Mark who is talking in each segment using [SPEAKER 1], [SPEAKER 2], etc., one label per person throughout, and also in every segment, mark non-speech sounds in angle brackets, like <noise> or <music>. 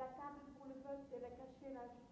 [SPEAKER 1] la table pour le de la cachée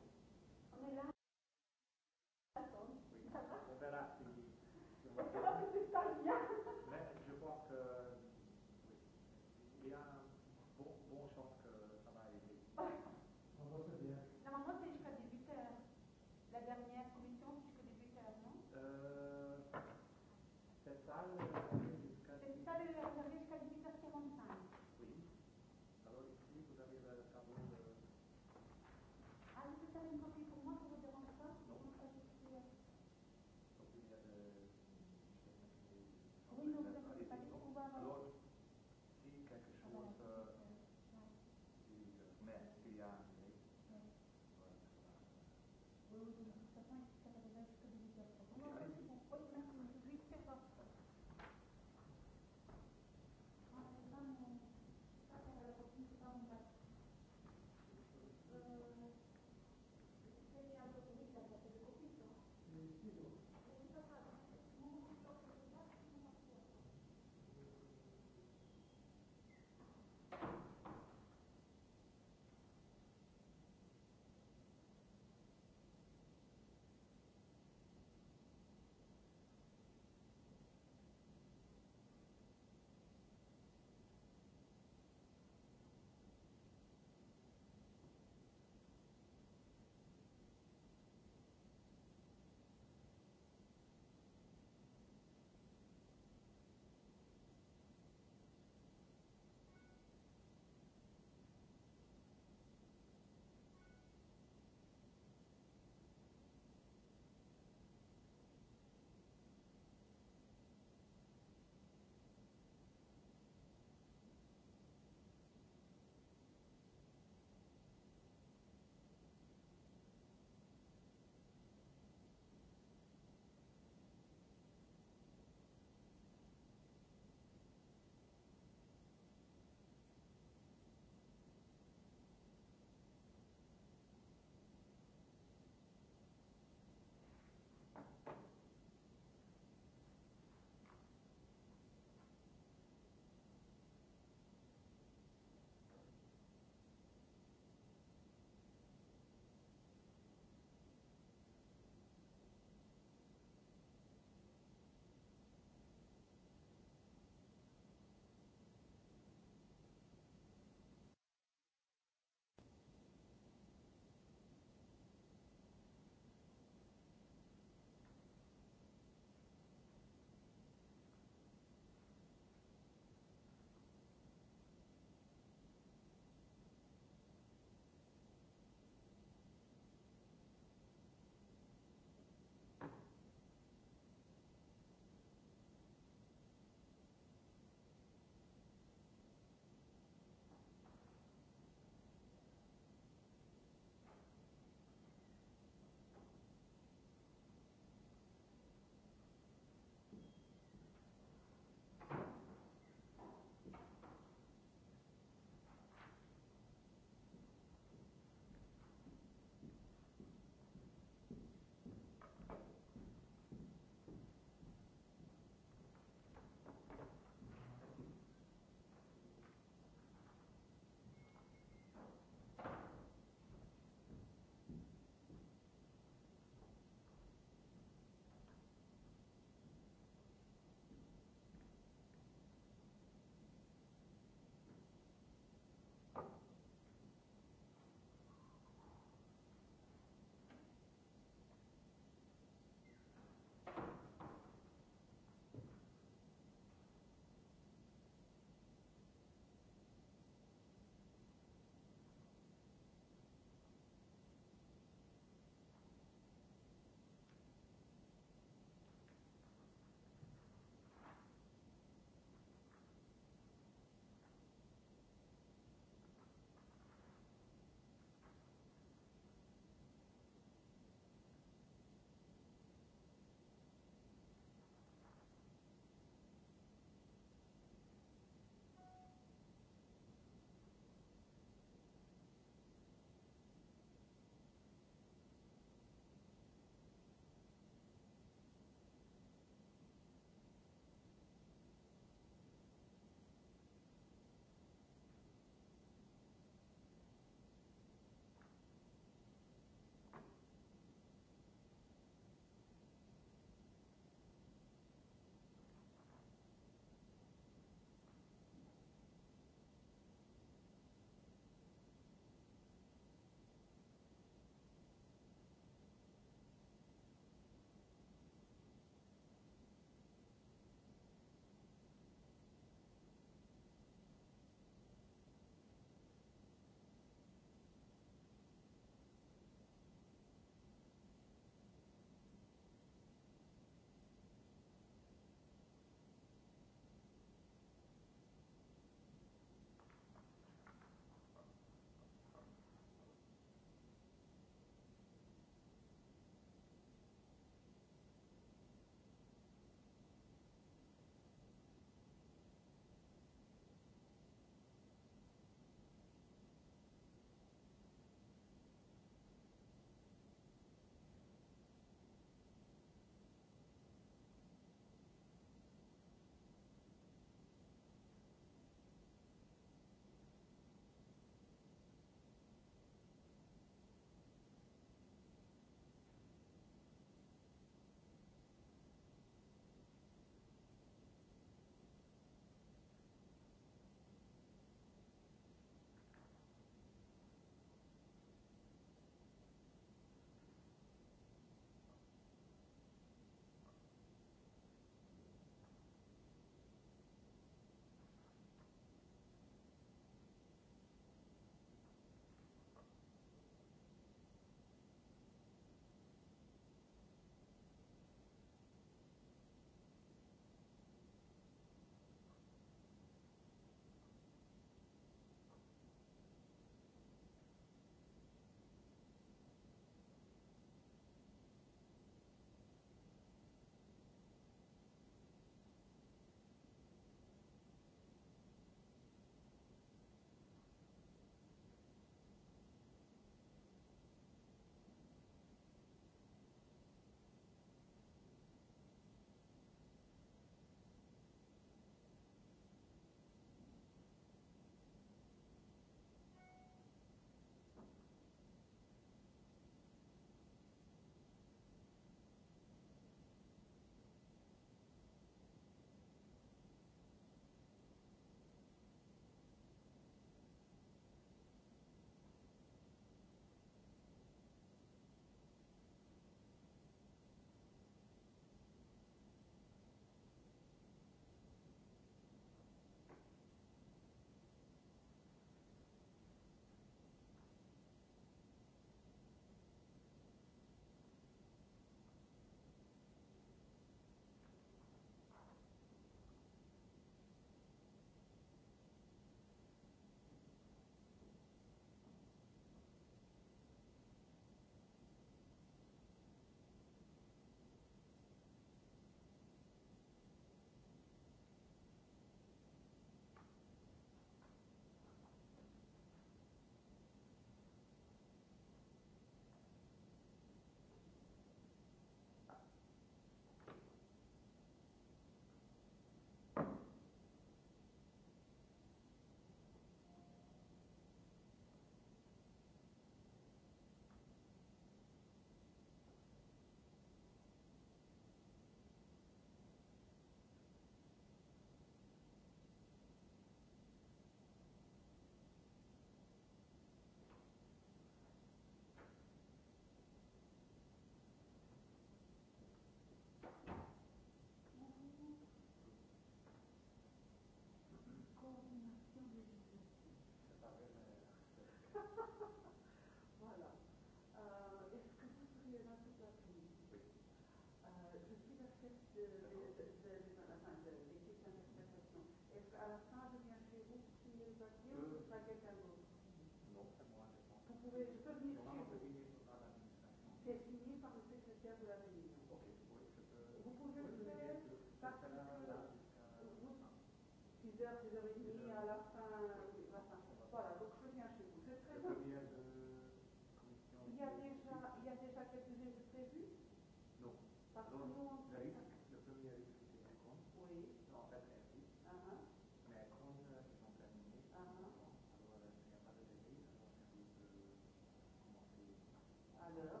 [SPEAKER 2] bună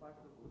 [SPEAKER 2] foarte bun.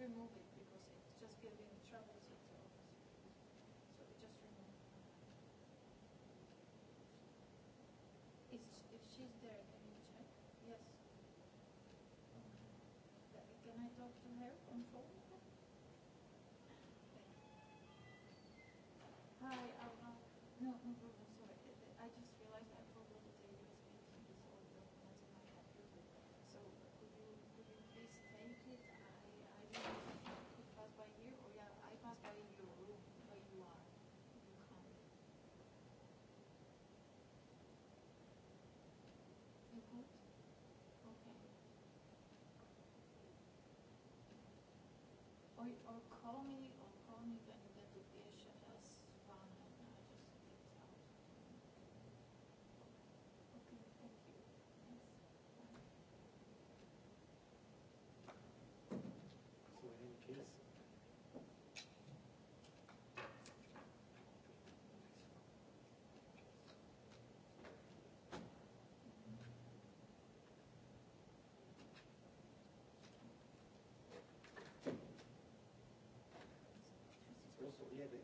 [SPEAKER 3] remove it because it's just giving trouble to the office. So we just remove it. Is, if she's there, can you check? Yes. Can I talk to her on phone? or call me or call me then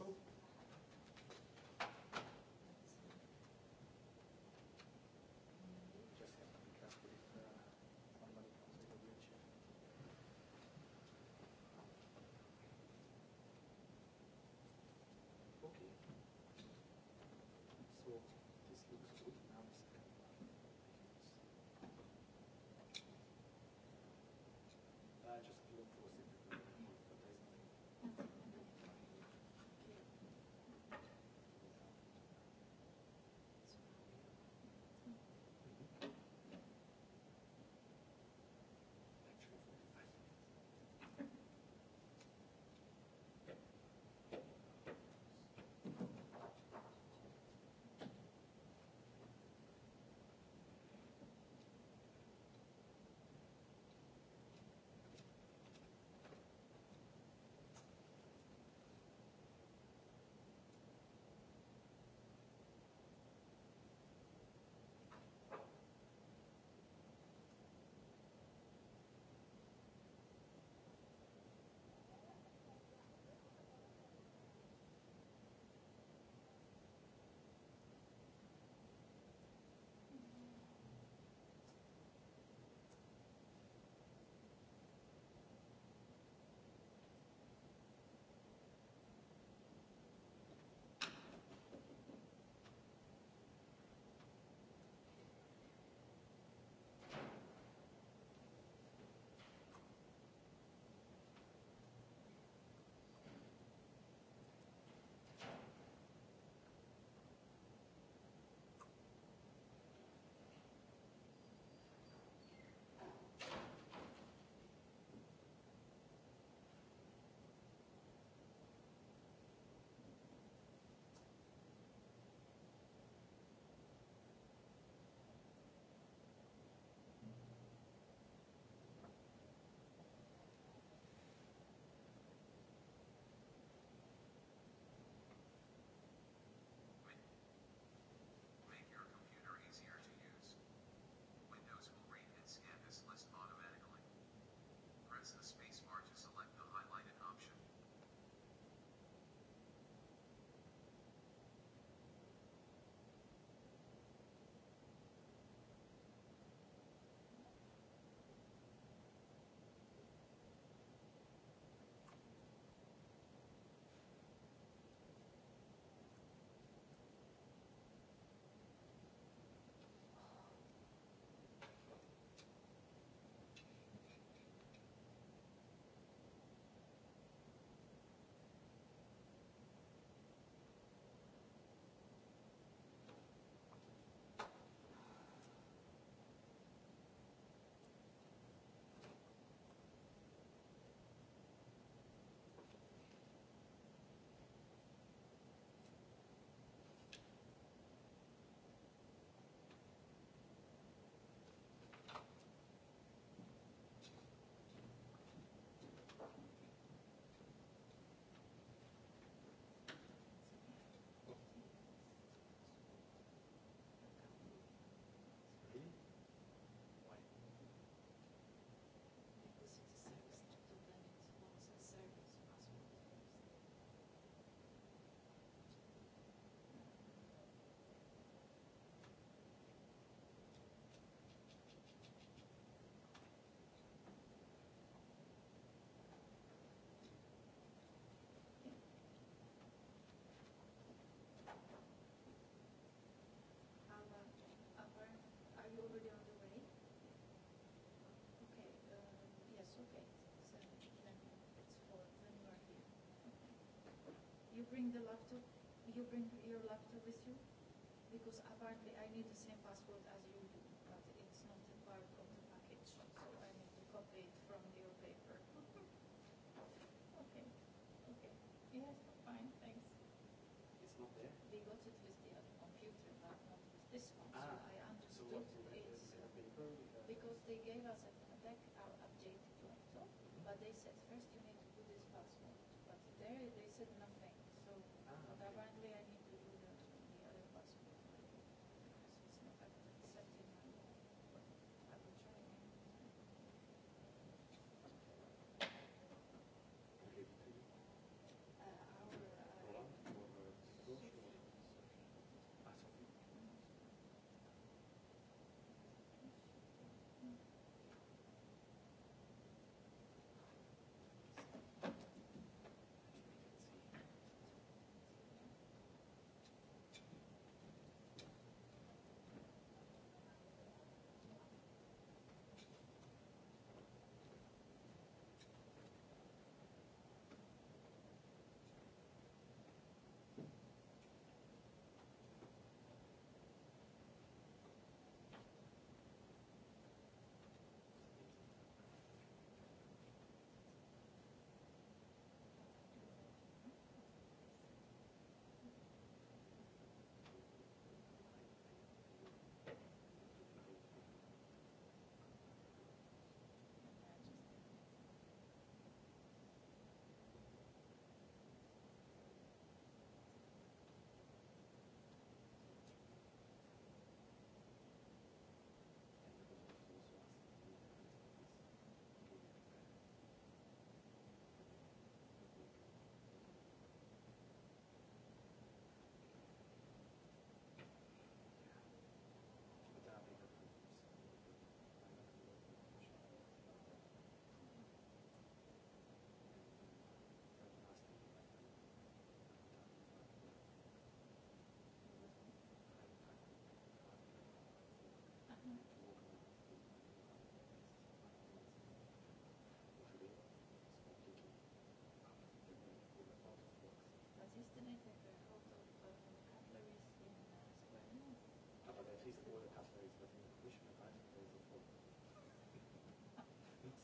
[SPEAKER 2] council
[SPEAKER 3] bring the laptop, you bring your laptop with you? Because apparently I need the same password as you do, but it's not a part of the package, so I need to copy it from your paper. <laughs> okay, okay. Yes, fine, thanks. It's not there? We got it with the other computer, but not with this one, ah, so I understood so what, it's... Uh, paper because they gave us a deck, our updated laptop, mm but they said first you need to do this password, but there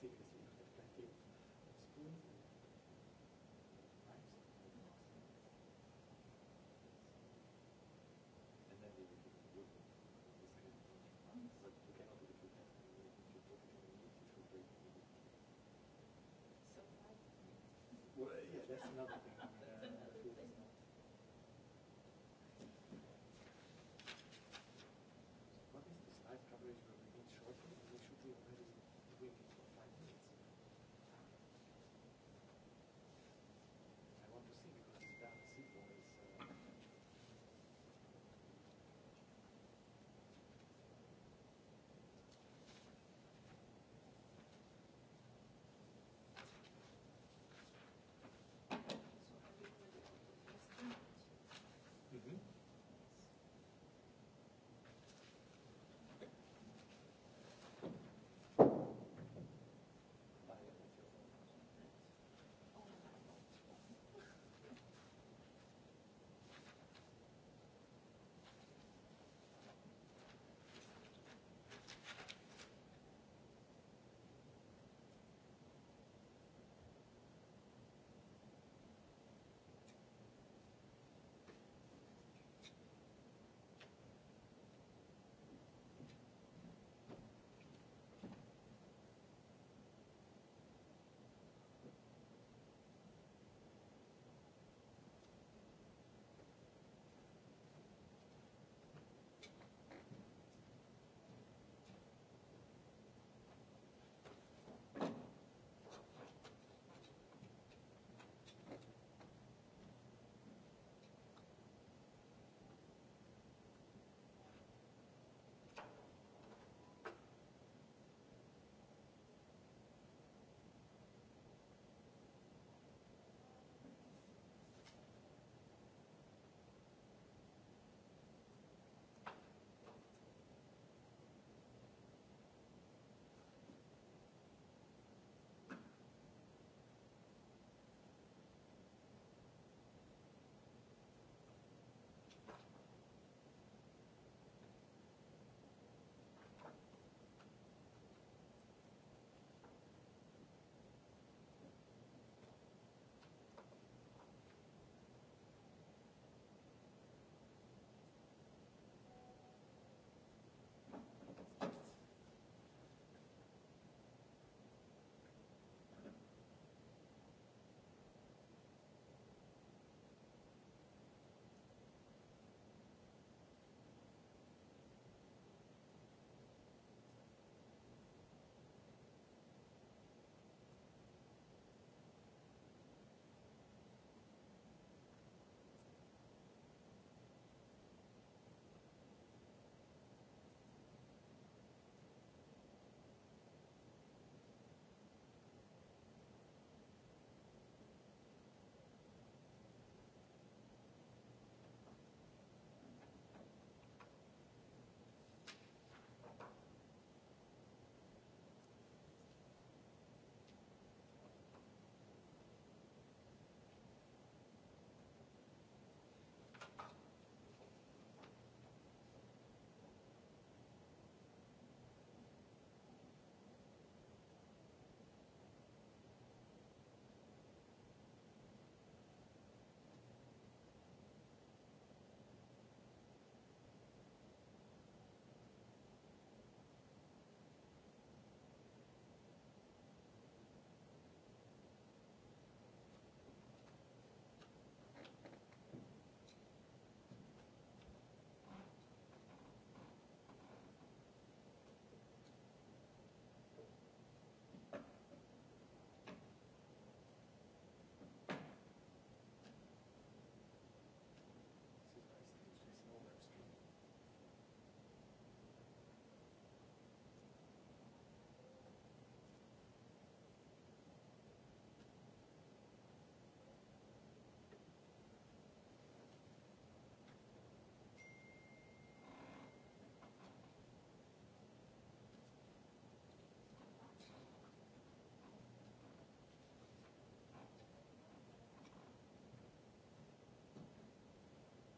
[SPEAKER 2] secrecy of the plenty of and
[SPEAKER 4] then they will give you the second one. But you cannot do it if you have to the meat, it will break the meat. So, well, yeah, that's another thing.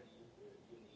[SPEAKER 2] experiențe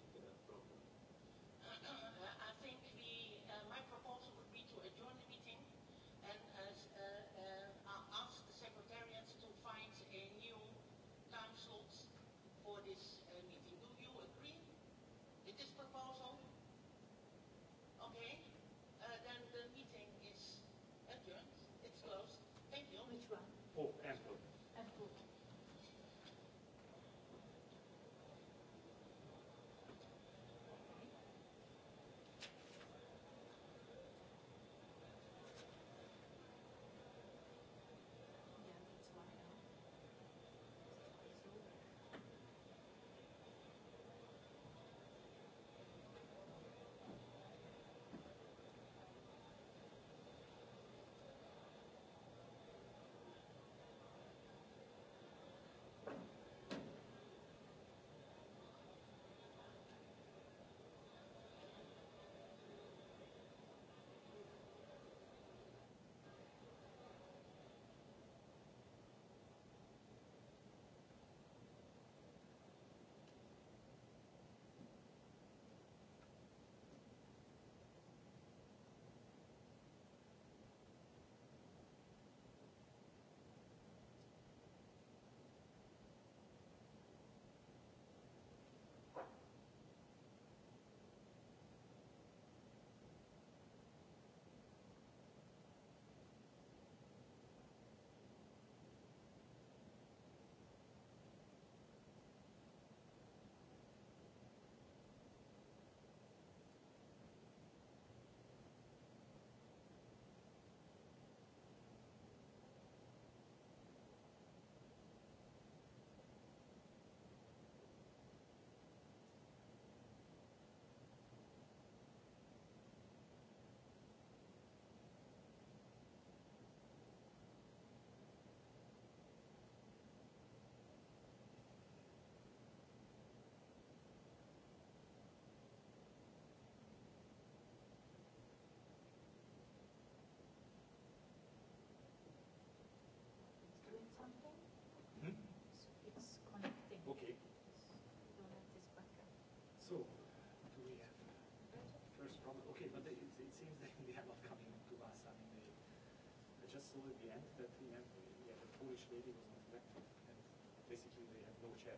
[SPEAKER 2] I just saw at the end that you know, yeah, the Polish lady was not elected, and basically they have no chair.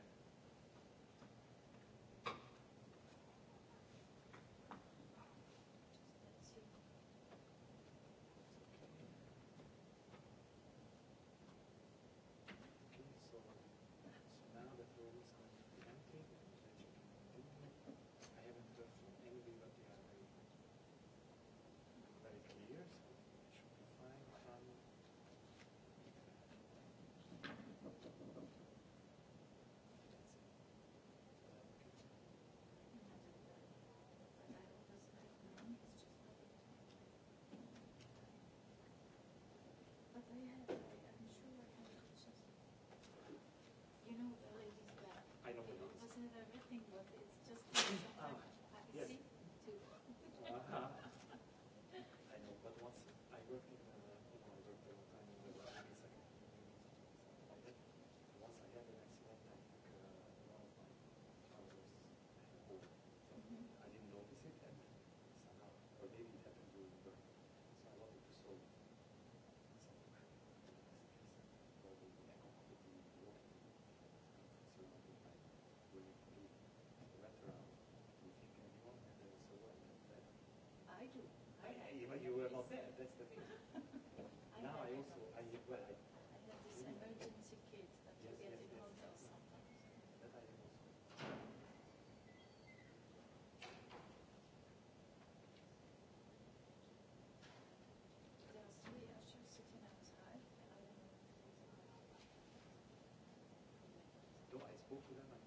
[SPEAKER 3] nothing but it's
[SPEAKER 2] Mulțumesc.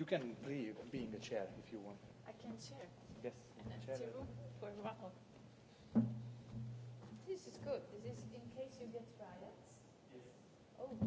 [SPEAKER 2] You can leave being a chair if you want.
[SPEAKER 3] I can chair.
[SPEAKER 2] Yes. chair.
[SPEAKER 3] for a while. This is good. This is in case you get riots. Yes. Oh.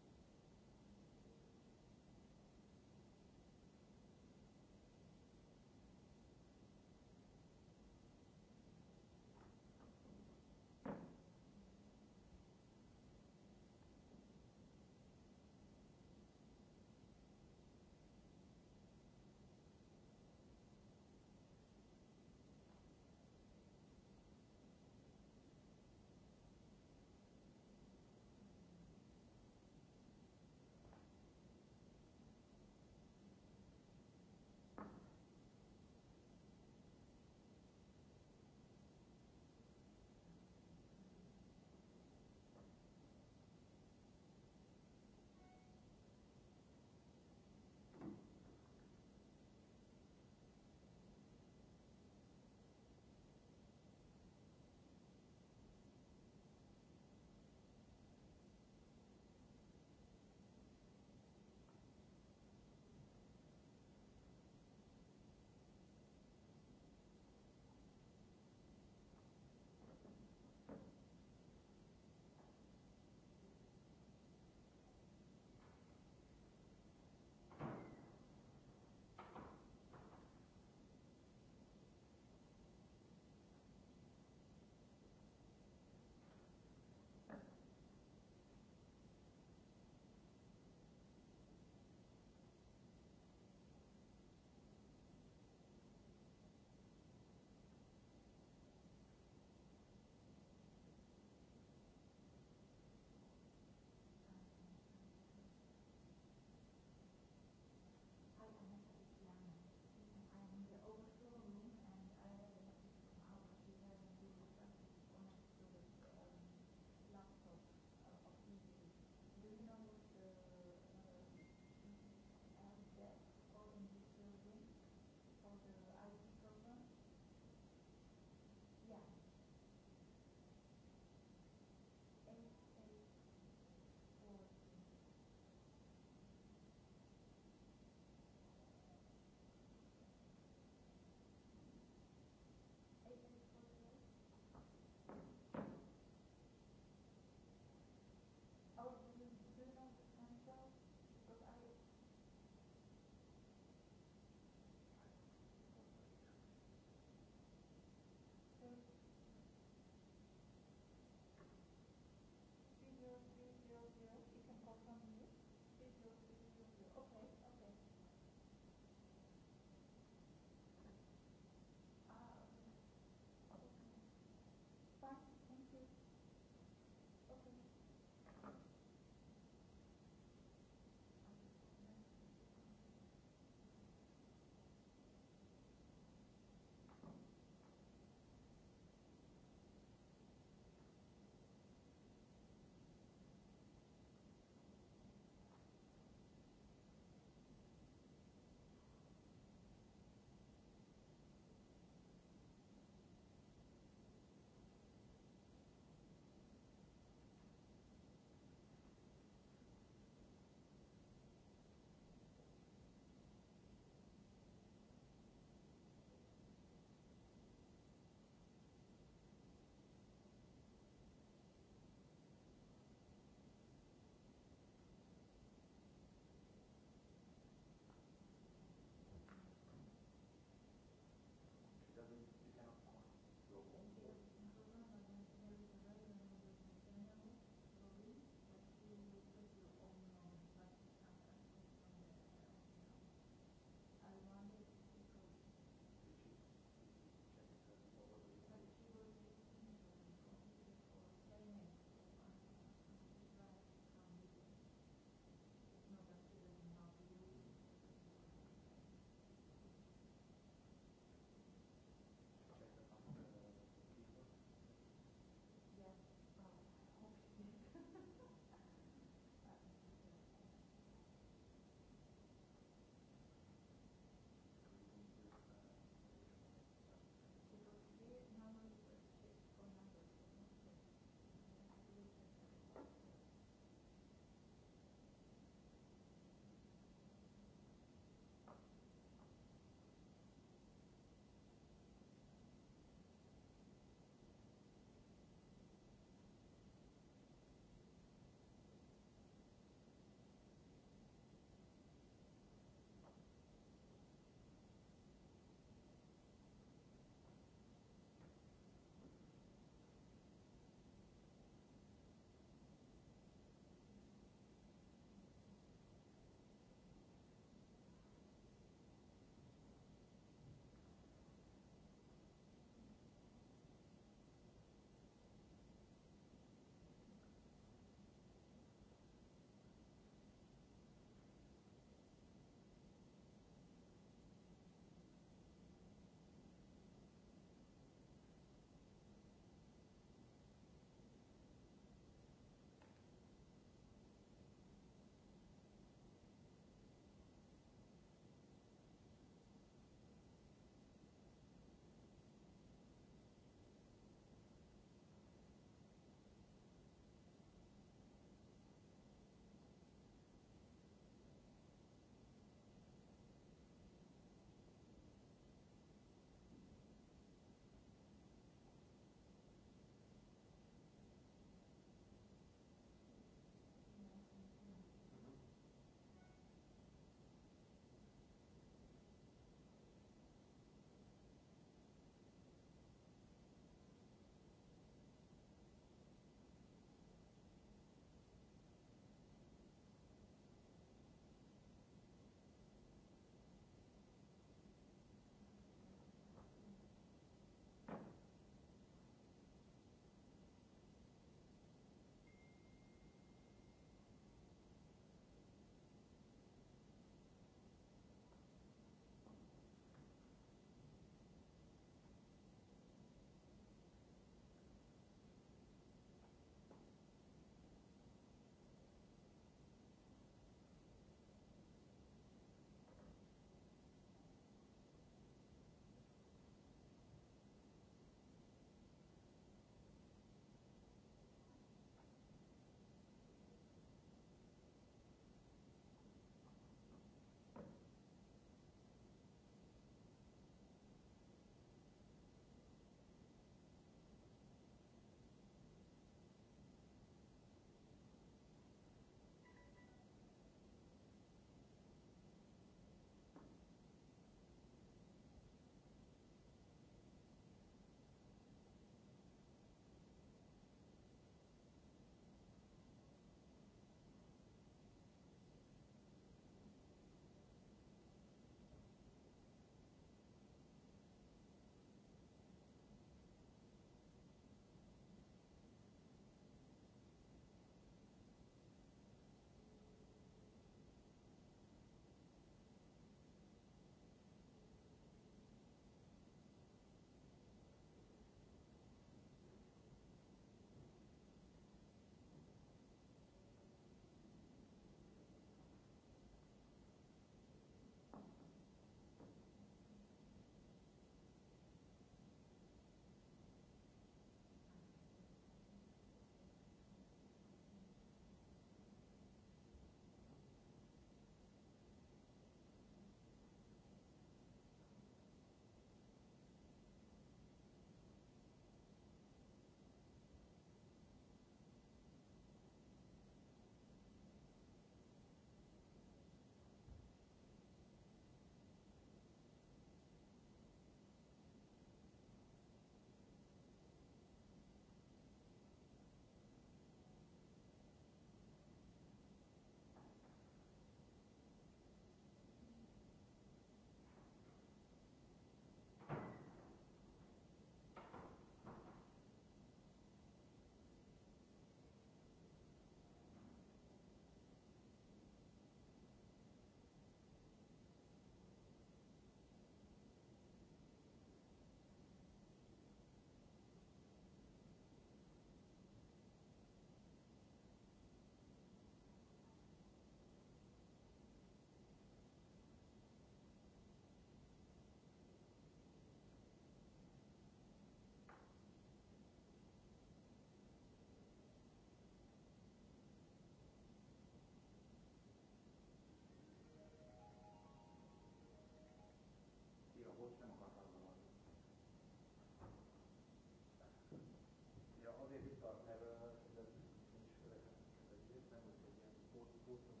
[SPEAKER 2] raportul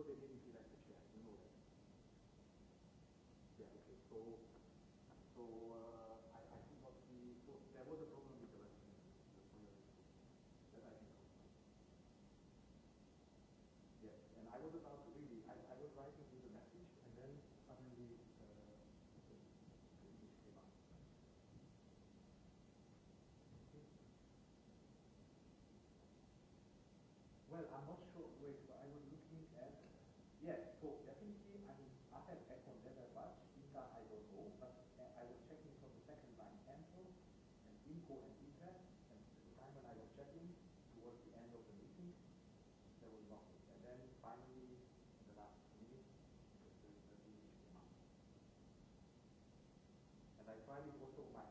[SPEAKER 2] sure they didn't do that to Chad, you know that. Yeah, okay, so, so uh, I, I think what the, so there was a problem with the vaccine, the that I think. Yes, and I was about to really, I, I was writing you the message, and then suddenly uh, Well, I'm not sure. Wait, banii 100 mai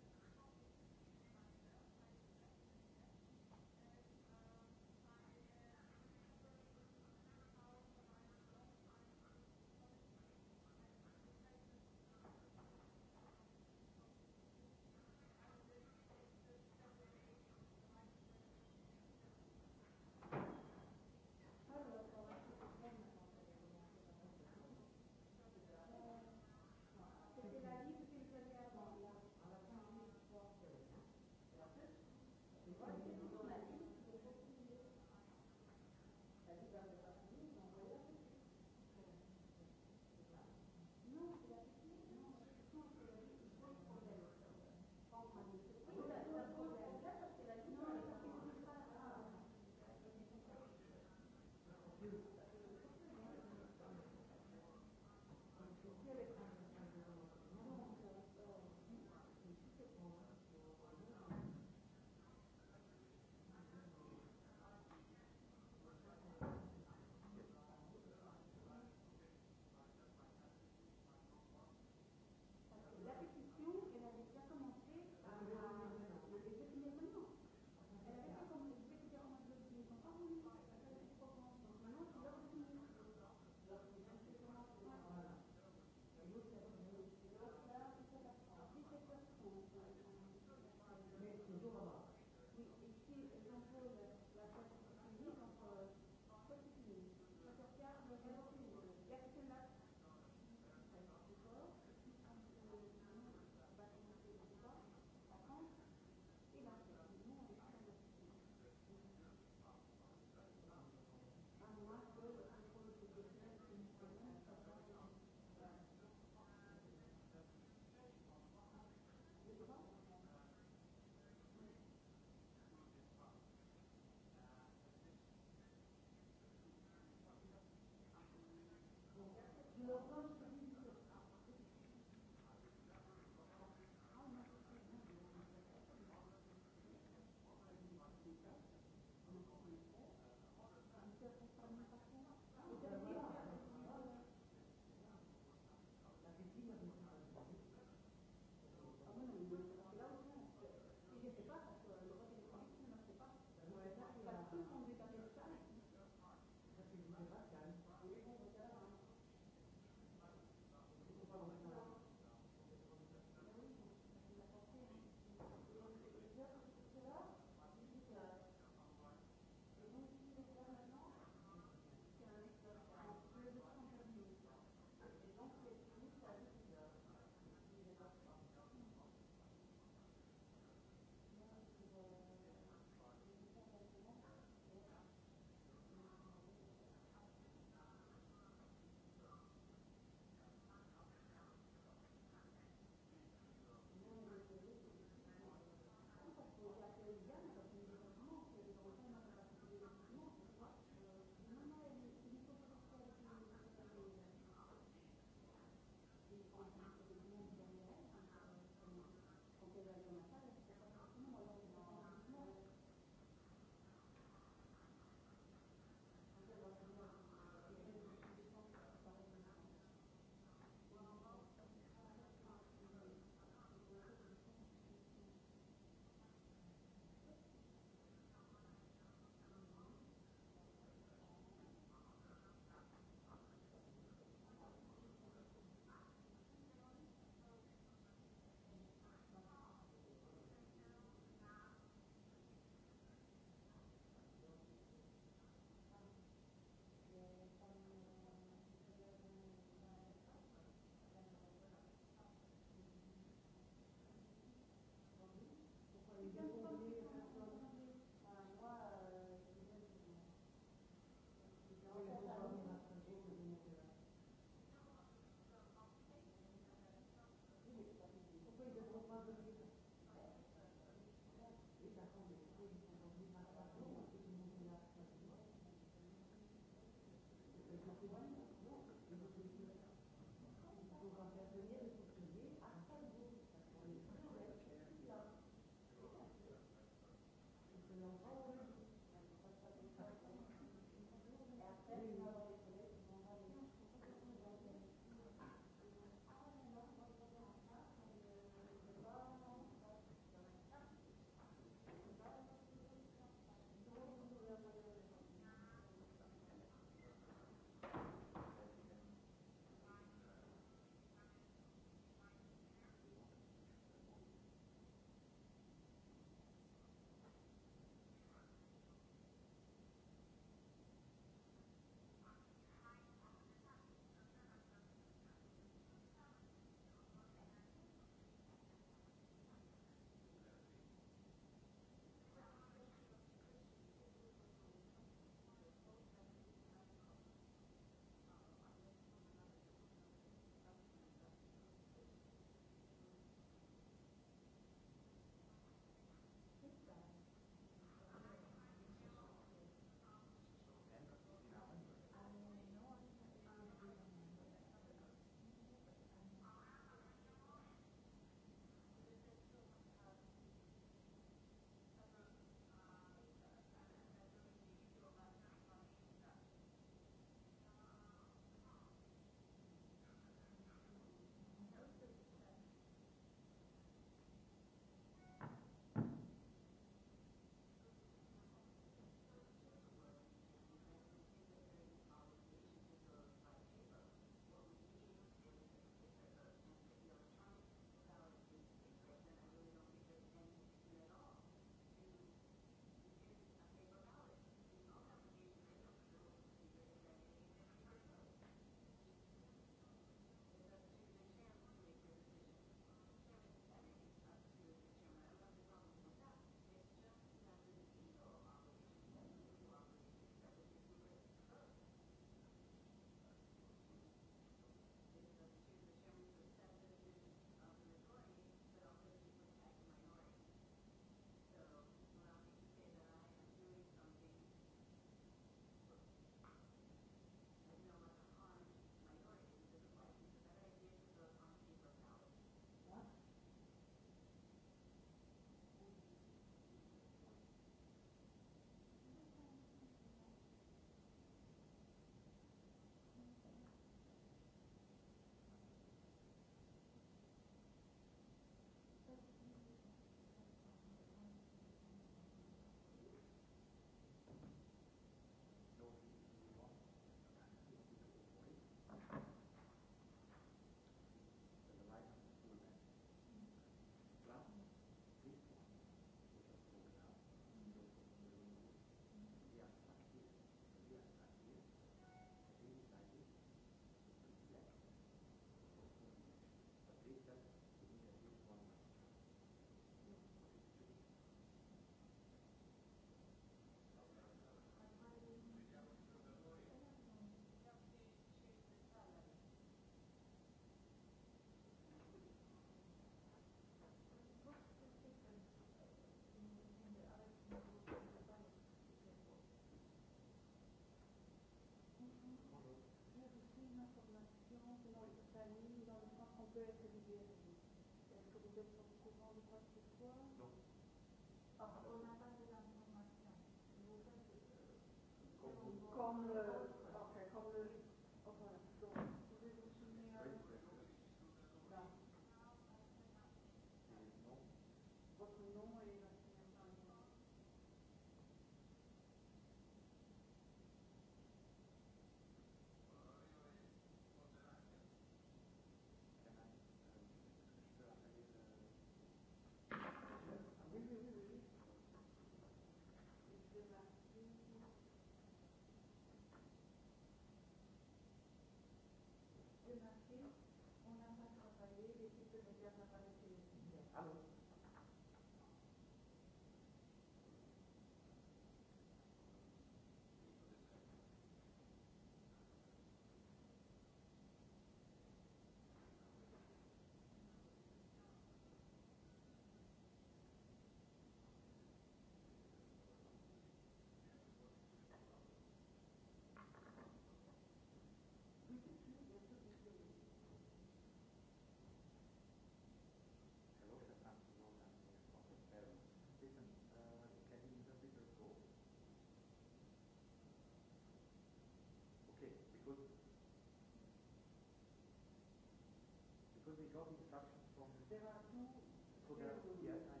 [SPEAKER 2] job instructions from the. There are two.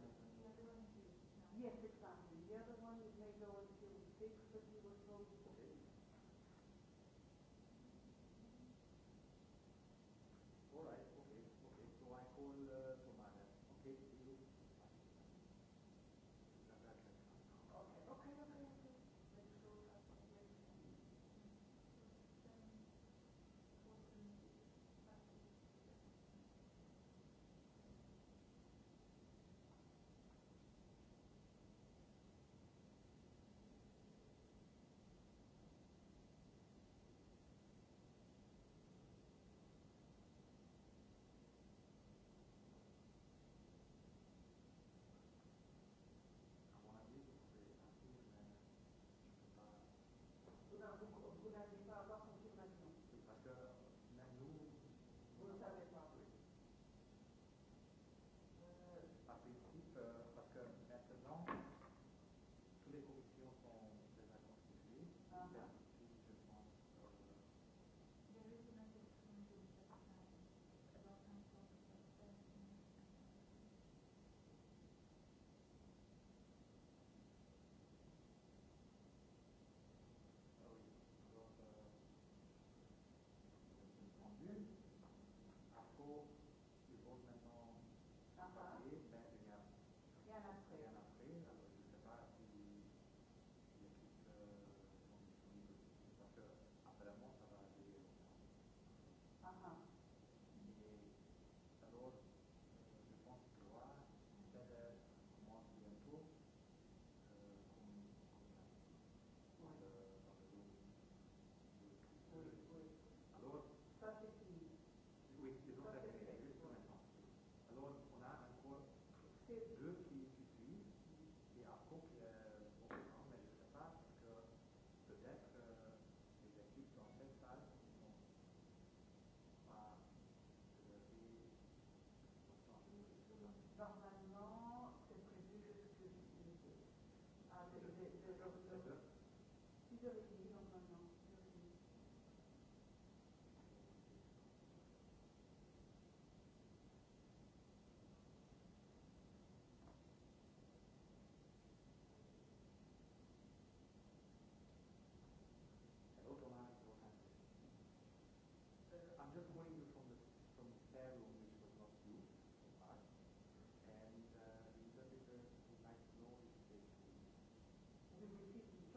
[SPEAKER 2] doamna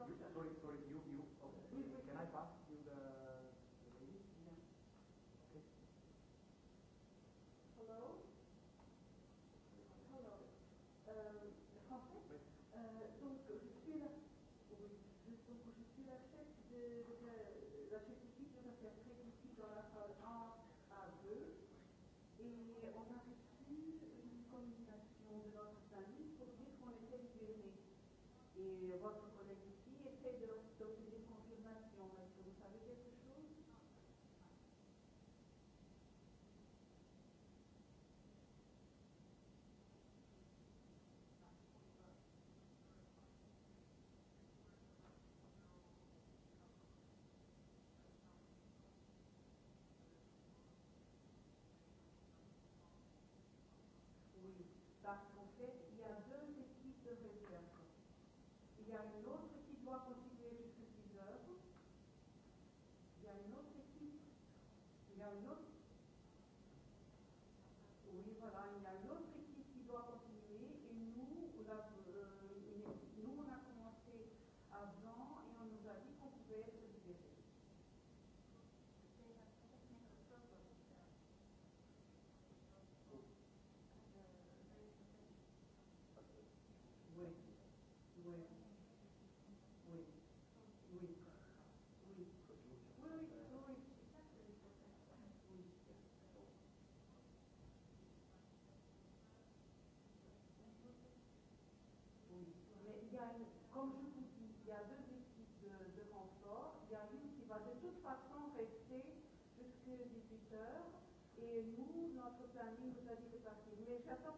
[SPEAKER 4] Doi.
[SPEAKER 1] Iar lor câștig doar Deci, dacă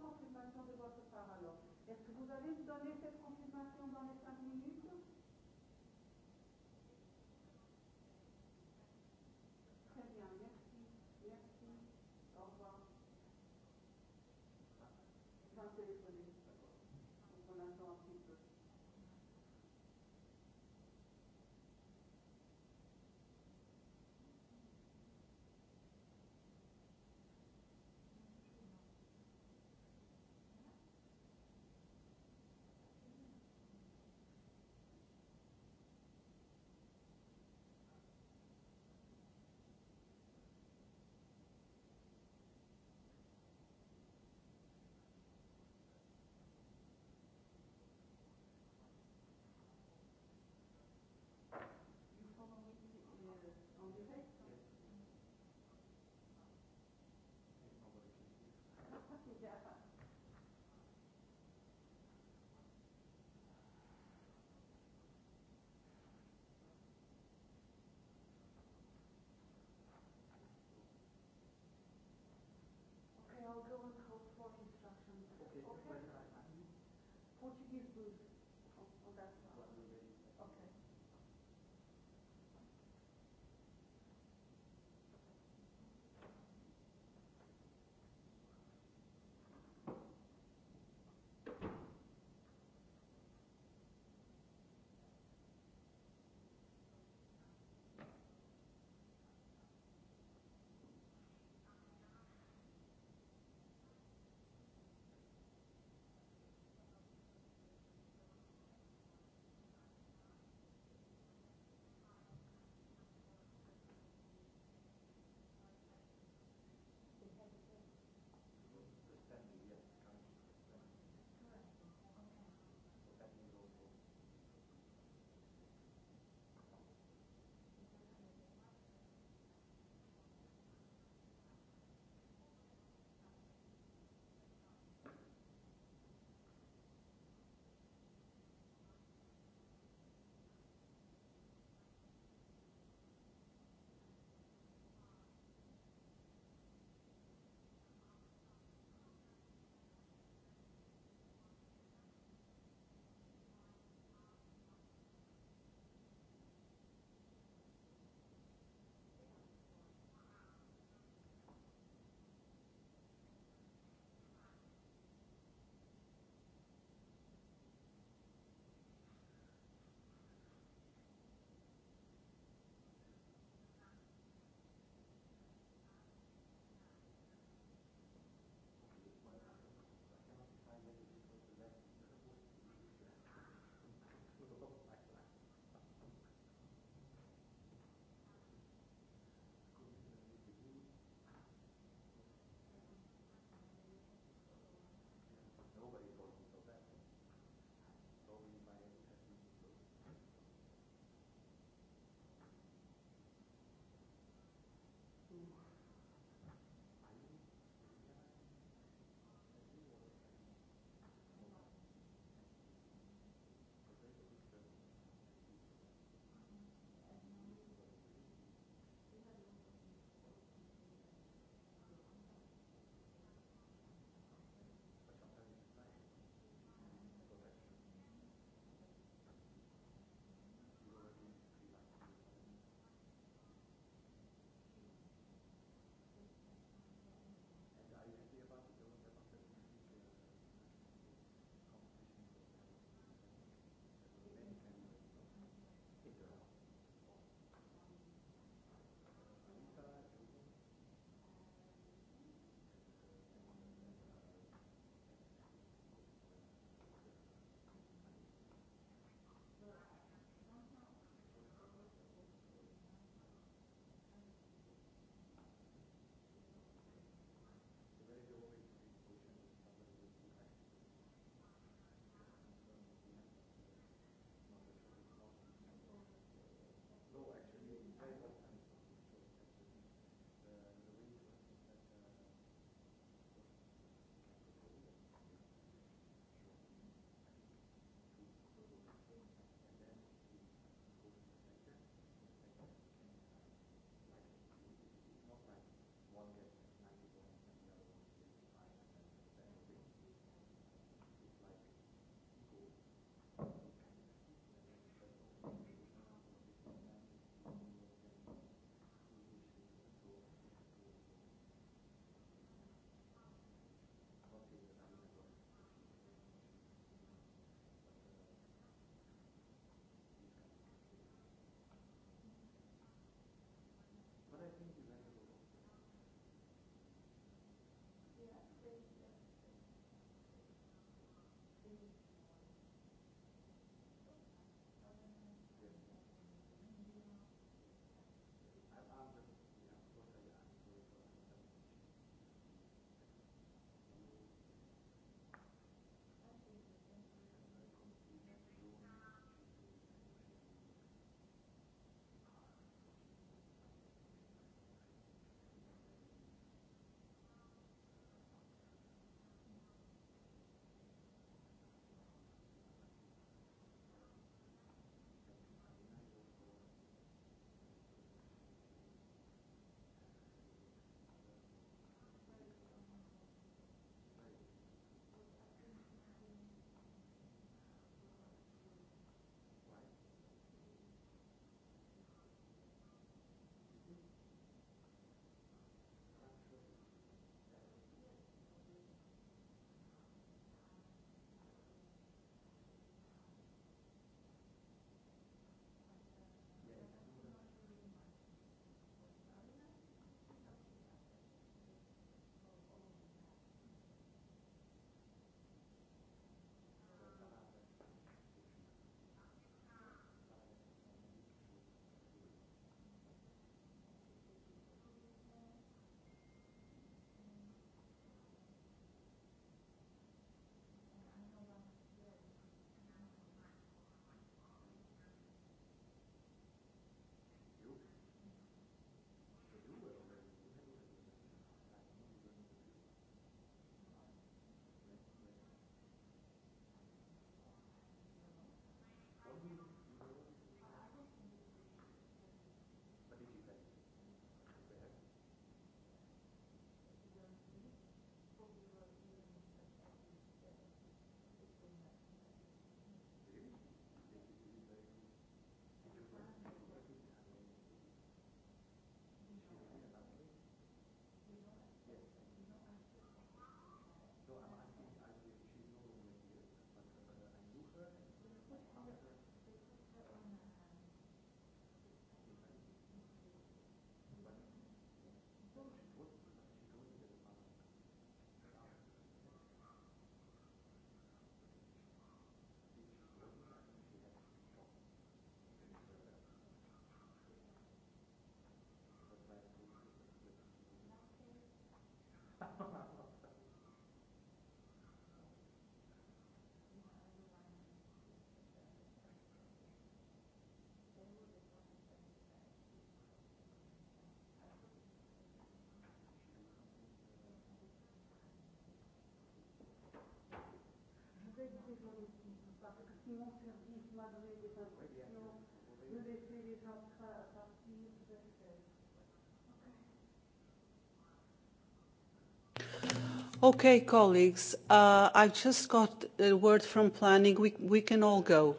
[SPEAKER 5] Okay, colleagues, uh, I just got a word from planning. We, we can all go.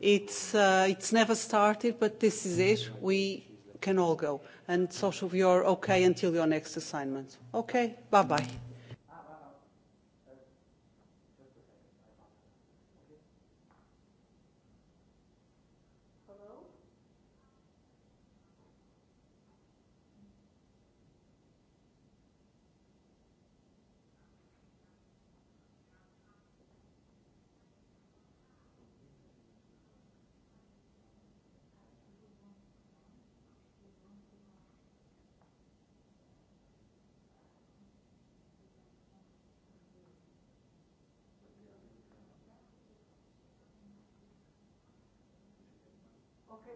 [SPEAKER 5] It's, uh, it's never started, but this is it. We can all go. And social, you're okay until your next assignment. Okay, bye-bye.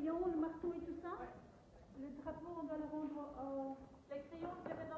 [SPEAKER 1] crayons, le marteau et tout ça Le drapeau, on doit le rendre au... Euh, les crayons, je vais